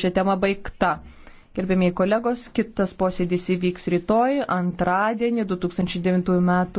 Šią temą baigta. Gerbėmiai kolegos, kitas posėdis įvyks rytoj, antradienį 2009 m.